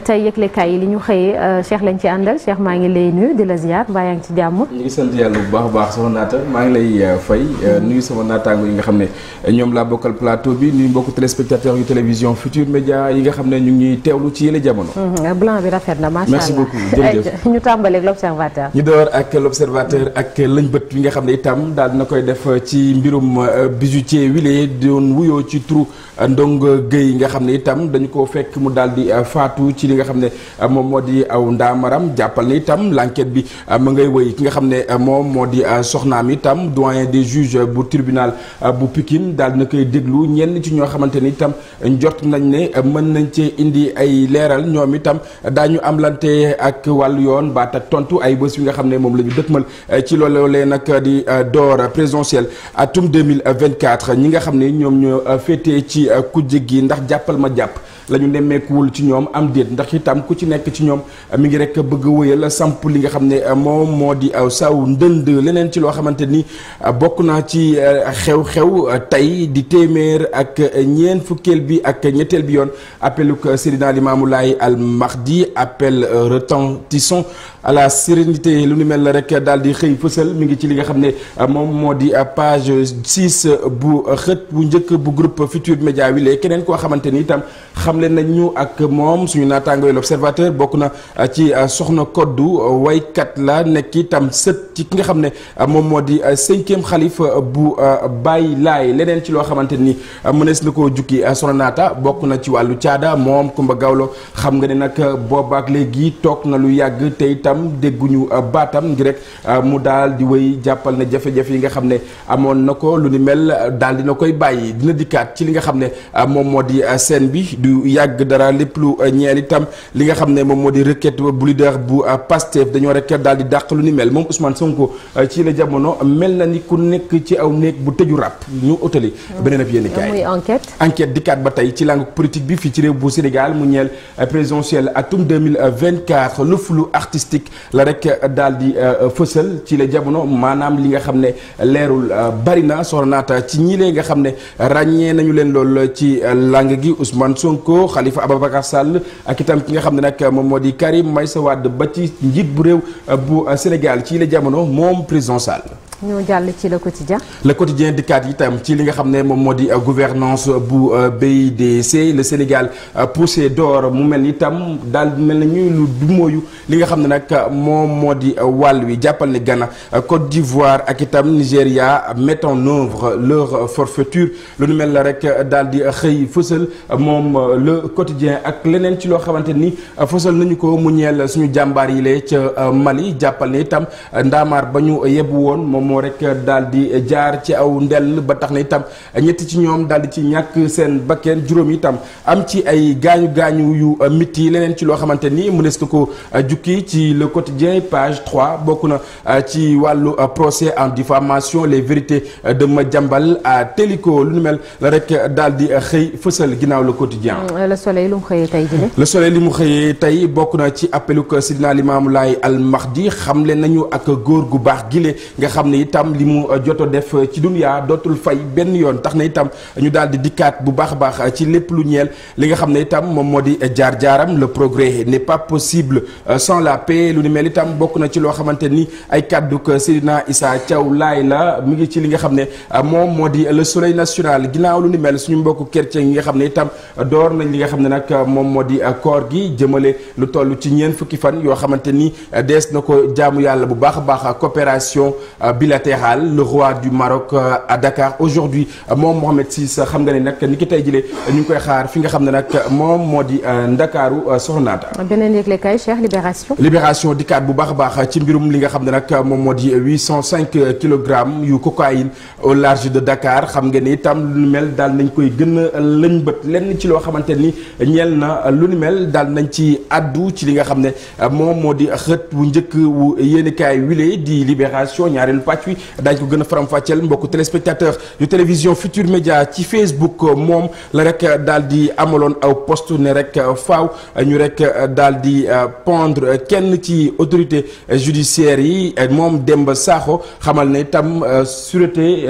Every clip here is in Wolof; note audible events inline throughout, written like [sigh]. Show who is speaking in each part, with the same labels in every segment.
Speaker 1: tey yëglekaay yi li ñu xëyee euh, Cheikh lañ ci àndal Cheikh maa ngi lay nuyu di la ziar mbaa ci jàmm. ñu ngi yàlla baax a baax soxna Naata maa ngi lay euh, fay euh, nuyu sama naataango yi nga xam ne ñoom laa bokkal plateau bi nuyu mbokku téléspectateurs yu télévision Futur Média yi nga xam ne ñu ngi ñuy teewlu ci yële jamono. Mm-hmm. blanc bi rafet na macha allah [laughs] ñu tàmbalee ak ñu door ak l'observateur ak lëñbët yi nga xam ne itam daal dina koy def ci mbirum bijoutier wile doon wuyoo ci turu nga xam ne itam dañu ko fekk mu daal di faatu ci li nga xam ne euh, moom moo di aw euh, ndaamaram jàppal na itam l'enquête bi euh, ma ngay wëy ki nga xam ne moom moo di soxnaam itam doyen des juges bu tribunal bu pikin daal na koy déglu ñenn ci ñoo xamante ni itam njort nañ ne mën nañ cee indi ay leeral ñoom itam daañu amlante ak wàll yoon baat ak tontu ay bés yi nga xam ne moom lañu ñu dëkkmal ci loolee nag di door présidentielle atum vingt quatre ñi nga xam ne ñoom ñoo féetee ci kujje gi ndax jàppal ma jàpp la ñu nemmeekuwul ci ñoom am déet ndax itam ku ci nekk ci ñoom euh, mi ngi rek bëgg wëyal samp li nga xam ne euh, moom moo di euh, saw ndënd leneen ci loo xamante ni bokk naa ci xew-xew tey di téeméer ak ñeent fukkeel bi ak ñetteel bi yoon appeluk Seydina Limaamu Laay al Mahdi appel retentissant à la sérénité lu ni mel la rek dal di xëy fësal mi ngi ci li nga xam ne moom moo di page six bu xët bu njëkk bu groupe Futurs Médias wi lee keneen koo xamante ni itam xamle nañu ak moom suñu naataangoo l'observateur bokk na uh, ci uh, soxna koddu uh, waykat la nekk itam sët ci ki nga xam ne moom moo di cinquième xalif bu Baye Laay leneen ci loo xamante ni mënees na koo jukki soxna naata bokk na ci wàllu caada moom Kumba Gawlo xam nga ne nag boobaak léegi toog na lu yàgg te itam dégguñu baatam ngi mu daal di wéy jàppal na jafe yi nga xam ne amoon na ko lu ni mel daal dina koy bàyyi dina ci li nga xam ne moom di bi du lu yàgg dara lépp lu euh, ñeel itam li nga xam ne moom moo di requête bu leader bu euh, Pastef dañoo rek daal di dàq lu ni mel moom Ousmane Sonko euh, ci la jamono mel na ni ku nekk ci aw néeg bu tëju ràpp ñu otali beneen ab yéen kaay muy enquête dikkaat ba tey ci langue politique bi fii ci réew bu Sénégal mu ñeel présidentielle atum lu flou artistique la rek daal fësal ci la jamono maanaam li nga xam ne leerul bari na soxnaata ci ñi lee nga xam ne ràññee nañu leen lool ci langue gi xalifa Khalifa Ababacar Sall ak itam ki nga xam ne nag moom moo di Karim Meïssa Wade ba ci njiit bu réew bu Sénégal ci la jamono moom président Sall ñu jàll ci le quotidien le quotidien dikkaat itam ci li nga xam ne moom moo di euh, gouvernance bu euh, BIDC le Sénégal euh, poussé d'or mu mel ni itam daal mel na ñuy lu du li nga xam ne nag moom moo di wàll wi jàppal ni Ghana Côte d'Ivoire ak itam Nigéria mettent en œuvre leur forfaiture lu nu mel na rek daal di xëy fësal moom le quotidien ak leneen ci loo xamante ni fësal nañu ko mu ñeel suñu jàmbaar yi lee ca Mali jàppal ni itam ndaamaar ba ñu yebbu woon moom moo rek daal di jaar ci aw ndell ba tax na itam ñetti ci ñoom daal di ci ñàkk seen bakkeen juróom itam am ci ay gaañu gaañu yu métti leneen ci loo xamante ni mënees na ko jukki ci le quotidien page 3 bokk na euh, ci wàllu euh, procès en diffamation les vérités de Madiambal à Téliko lu nu rek daal di xëy fësal ginnaaw le quotidien mm, le soleil lu mu xëyee tey jii le soleil li mu xëyee tey bokk na ci appelu Sidina Limaamu Laay al Mahdi xamle nañu ak góor gu baax gile nga xam ne itam li mu euh, joto def euh, ci duniyaa dootul fay benn yoon tax na itam ñu daal di dikkaat bu baax a baax euh, ci lépp lu ñeel li nga xam ne itam moom moo di jaar-jaaram le progrès n'est pas possible sans la lu ni mel itam bokk na ci loo xamante ni ay kàddu ko Issa Thiaw Laay la mu ngi ci li nga xam ne moom moo di le soleil national ginnaaw lu ni mel suñu mbokku chrétien yi nga xam ne itam door nañ li nga xam ne nag moom moo di koor gi jëmale lu toll ci ñeent fukki fan yoo xamante ni des na ko jaamu yàlla bu baax a baax coopération bilatéral le roi du Maroc euh, à Dakar aujourd'hui euh, moom Mohamed Sis euh, xam nga ne nag ni ki tey jile ñu ngi koy xaar moo di Ndakaaru soxnaata beneen yëgle kay bu baax a baax ci mbirum li nga xam ne nag moom moo di kilogrammes yu cocaïne au large de Dakar xam nga ni itam lu ni mel daal nañ koy gën a lëñ bët lenn ci loo xamante ñeel na lu ni mel daal nañ ci addu ci li nga xam ne moom moo di xët wu njëkk wu yéenekaay wile di Libération ñaareelu pàcc wi daañu ko gën a faram-fàcceel mbokku téléspectateur yu télévision Futur Média ci Facebook euh, moom la rek euh, daal di amaloon aw post ne rek euh, faw ñu rek daal di pendre kenn ci autorité judiciaire yi moom Demba Sakho xamal ne tam sûreté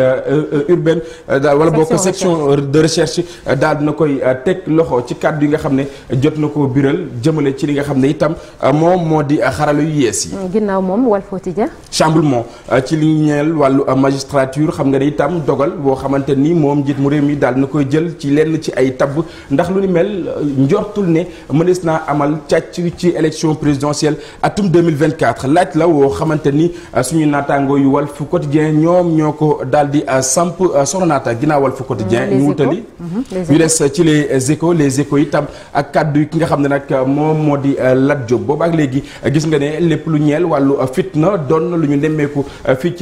Speaker 1: urbaine daal wala boo ko section de recherche dal di na koy teg loxo ci kàddu yi nga xam ne jot na ko biral jëmale ci li nga xam ne itam moom moo di xaral yu yees yi. ginnaaw moom Walf Quotidien. chamboulement ci li ñeel wàllu magistrature xam nga ne itam dogal boo xamante ni moom njiit mu réew mi daal na koy jël ci lenn ci ay tabb ndax lu ni mel euh, njortul ne mënees naa amal càcc ci élection présidentielle atum 2024 laaj la woo xamante ni euh, suñu naataangoo yu Walf Quotidien ñoom ñoo ko daal di euh, samp soxna naata ginnaaw Walf Quotidien ñu wutali mhm, ñu des ci les échos les échos itam ak kàddu ki nga xam ne nag moom moo di Lat Diop boobu ak léegi gis nga ne lépp lu ñeel wàllu fitna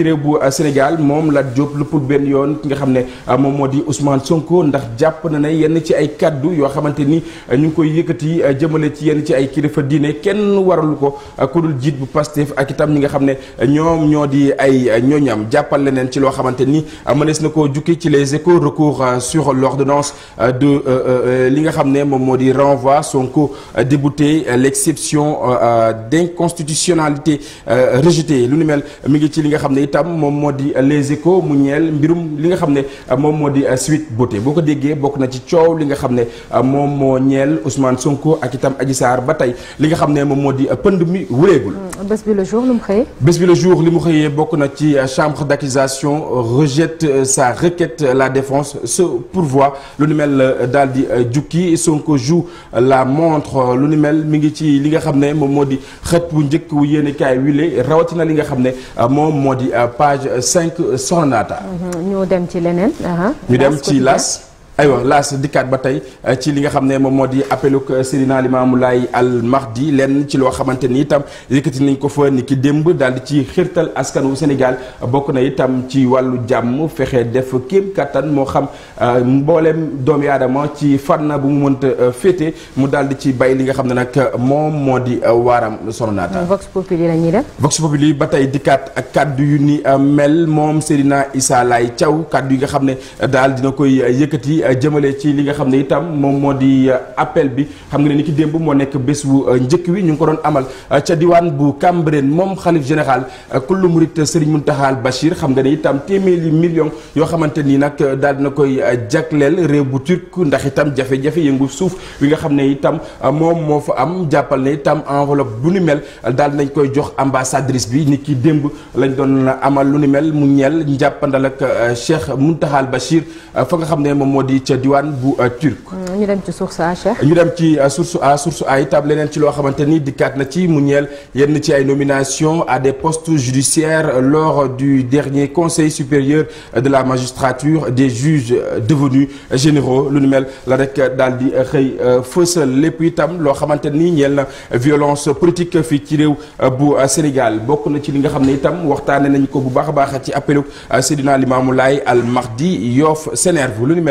Speaker 1: ci réew bu euh, Sénégal moom Lat Diop lëppul benn yoon ki nga xam ne euh, moom moo di Ousmane Sonko ndax jàpp na na yenn ci ay kaddu yoo xamante ni euh, ñu ngi koy yëkkati jëmale ci yenn ci ay kilifa diine kenn waralu ko ku jiit bu Pastef ak itam ñi nga xam ne ñoom ñoo di ay ñooñam jàppal leneen ci loo xamante ni mënees na koo jukki ci les échos recours sur l'ordonnance de li nga xam ne moom moo di renvoi Sonko débouté l'exception d'inconstitutionnalité rejetée lu ni mel mi ngi ci li nga xam ne itam moom moo di euh, les échos mu ñeel mbirum li nga xam ne euh, moom moo di euh, Sweet Beauté boo ko déggee bokk na ci coow li nga xam ne moom moo ñeel Ousmane Sonko ak itam Adji Sarr ba tey li nga xam ne moom moo di pënd mi wureegul. Mm, bés bi le jour lu mu jour li mu xëyee bokk na ci chambre d'accusation rejette sa requête la défense se pourvoit lu ni mel daal di jukki Sonko joue la montre lu ni mel mi ngi ci li nga xam ne moom moo di xët bu njëkk wu yéene kaay wile rawatina li nga xam ne moom moo di. page cinq Soxna Naata. Mmh, ñu dem ci leneen. ñu dem ci las. aywa laas dikkaat ba tey euh, ci li nga xam ne moom moo di appeluk euh, Seydina Limaamu Laay al Mahdi lenn ci loo xamante ni itam yëkkati nañ ko fa nikk démb daal di ci xirtal askan wu Sénégal bokk na itam ci wàllu jàmm fexe def kéem kattan moo xam euh, mbooleem doomi aadama ci fànn bu mu mënta féete mu daal di ci bàyyi li nga xam ne nag moom moo di waaram sononaata. Mmh, Vox Populi la ñuy def. Vox Populi ba tey dikkaat ak kaddu yu ni mel moom Seydina Issa Laye Thiaw kaddu yi nga xam ne daal dina koy yëkkati. jëmale ci li nga xam ne itam moom moo di euh, appel bi xam nga ne ni ki démb moo nekk bés bu euh, njëkk wi ñu ngi ko doon amal euh, ca diwaan bu Cambérène moom xalif général kullu murit Serigne Mountakha Bachir xam nga ne itam téeméeri million yoo xamante ni nag daal dina koy jagleel réew bu turc ndax itam jafe-jafe yëngu suuf wi nga xam ne itam moom moo fa am jàppal ne itam enveloppe bu ni mel daal nañ koy jox ambassadrice bi ni ki démb lañ doon amal lu ni mel mu ñeel njàppandal ak Cheikh Mountakha Bachir fa nga xam ne moom moo di ca diwaan bu euh, turc mm, ñu dem ci source a Cheikh ñu dem ci euh, source a source a itam leneen ci loo xamante ni dikkaat na ci mu ñeel yenn ci ay nomination à des postes judiciaires lors du dernier conseil supérieur de la magistrature des juges euh, devenus généraux lu nu mel la rek daal di xëy fësal lépp itam loo xamante ni ñeel na violence politique fii ci réew bu Sénégal bokk na ci li nga xam ne itam waxtaane nañ ko bu baax a baax ci appelu Seydina Limamou al Mahdi Yoff s'énerve lu nu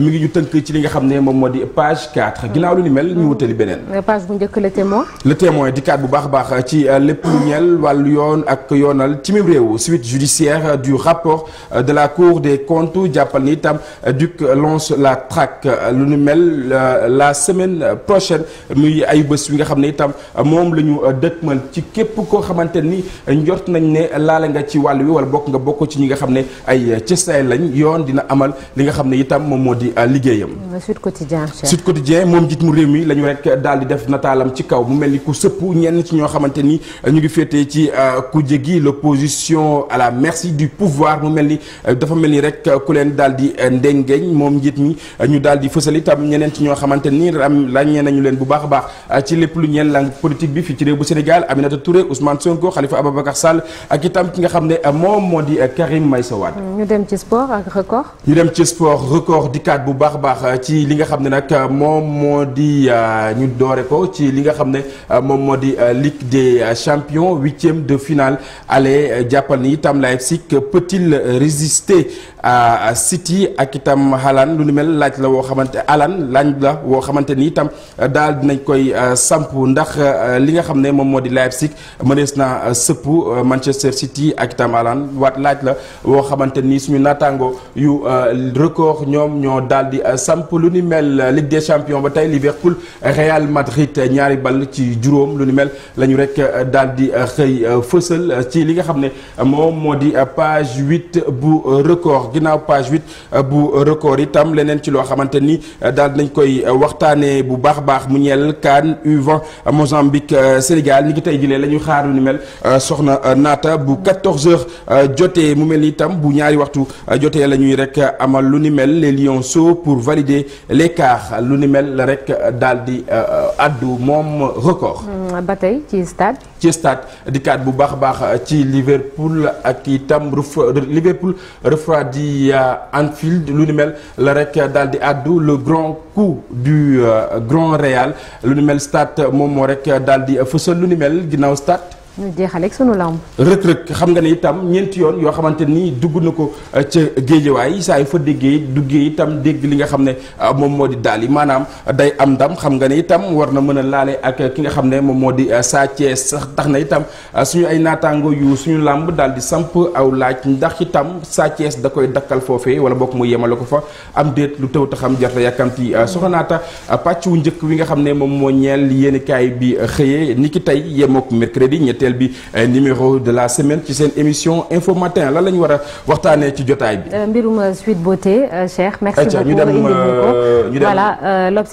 Speaker 1: mi ngi ñu tënk ci li nga xam ne moom moo di page 4 ginnaaw lu ni mel ñu wutali beneen. page bu njëkk le témoin. le témoin di kaat bu baax a baax ci euh, lépp lu ñeel yoon ak yoonal ci même réew suite judiciaire du rapport euh, de la cour des comptes jàppal ni itam euh, DUC lance la traque lu ni mel la semaine prochaine muy ay bés wi nga xam ne itam moom la ñu dëkkmal ci képp koo xamante ni njort nañ ne laale nga ci wàll wi wala bokk nga bokk ci ñi nga xam ne ay cëstaay lañ yoon dina amal di euh, liggéeyam. Sud Quotidien. Sud Quotidien moom jiit mu réew mi la ñu rek di def nataalam ci kaw mu mel ni ku sëpp ñenn ci ñoo xamante ni euh, ñu ngi féetee ci euh, kuje gi l'opposition à la merci du pouvoir mu mel ni dafa mel ni rek ku leen daal di ndengeñ moom njiit mi ñu daal di fësal itam ñeneen ci ñoo xamante ni ràññee nañu leen bu baax a baax ci lépp lu ñeen langue politique bi fii ci réew bu Sénégal Aminata Touré Ousmane Sonko Khalifa Ababacar Sall ak itam ki nga xam ne moom moo di Karim Meïssa Wade. ñu dem ci sport dikkaat bu baax a baax euh, ci li nga xam ne nag euh, moom moo di euh, ñu doore ko ci li nga xam ne moom moo di Ligue des champions huitième de finale aller jàppal ni itam Leipzig peut-il résister City ak itam Haaland lu ni mel laaj la woo xamante Haaland laaj la woo xamante ni itam euh, daal nañ koy euh, samp ndax euh, li nga xam ne moom moo di Leipzig mënees na sëpp Manchester City ak itam Haaland waat laaj la woo xamante ni suñu naataango yu record ñoom ñoo daal di samp lu ni mel Ligue des champions ba tey Liverpool Real Madrid ñaari ball ci juróom lu ni mel la ñu rek daal di xëy fësal ci li nga xam ne moom moo di page huit bu record. ginnaaw page huit euh, bu record itam leneen ci loo xamante ni euh, daal nañ koy euh, waxtaanee bu baax a baax mu ñeel CAN U20 Mozambique Sénégal ni ki tey jilee la ñu xaar lu ni mel soxna naata bu 14 heures jotee mu mel ni itam bu ñaari waxtu jotee la ñuy rek amal lu ni mel lion lionceaux pour valider l'écart lu ni mel la rek daal di addu moom record hmm. ba tey ci stade. ci stade bu baax a baax ci Liverpool ak itam Liverpool refroidi euh, Anfield lu ni mel la rek daal di àddu le grand coup du euh, grand Real lu ni mel stade moom moo rek daal di fësal lu ni mel ginnaaw stade. ñu jeexal ak sunu lamb. rëkk xam nga ne itam ñeenti yoon yoo xamante ni dugg na ko uh, ca géejewaay saa yu fa déggee duggee itam dégg li nga xam ne uh, moom moo di daal yi maanaam uh, day am ndam xam nga ne itam war na mën a laale ak ki nga xam ne moom moo di Sa sax tax na itam suñu ay naataango yu suñu làmb daal di samp aw laaj ndax itam Sa da koy dakkal foofe wala bokk mu yemale ko fa am déet lu tëw ta xam jarta yàkkamti soxna naata pàcc wu njëkk wi nga xam ne moom moo ñeel yéenekaay bi xëyee nit ki tey yemook mercredi ñetti ñeenteel bi eh, numéro de la semaine ci seen émission info matin lan la a waxtaanee ci jotaay bi. Euh, mbirum suite beauté euh, Cheikh. merci beaucoup ñu dem euh, ñu dem voilà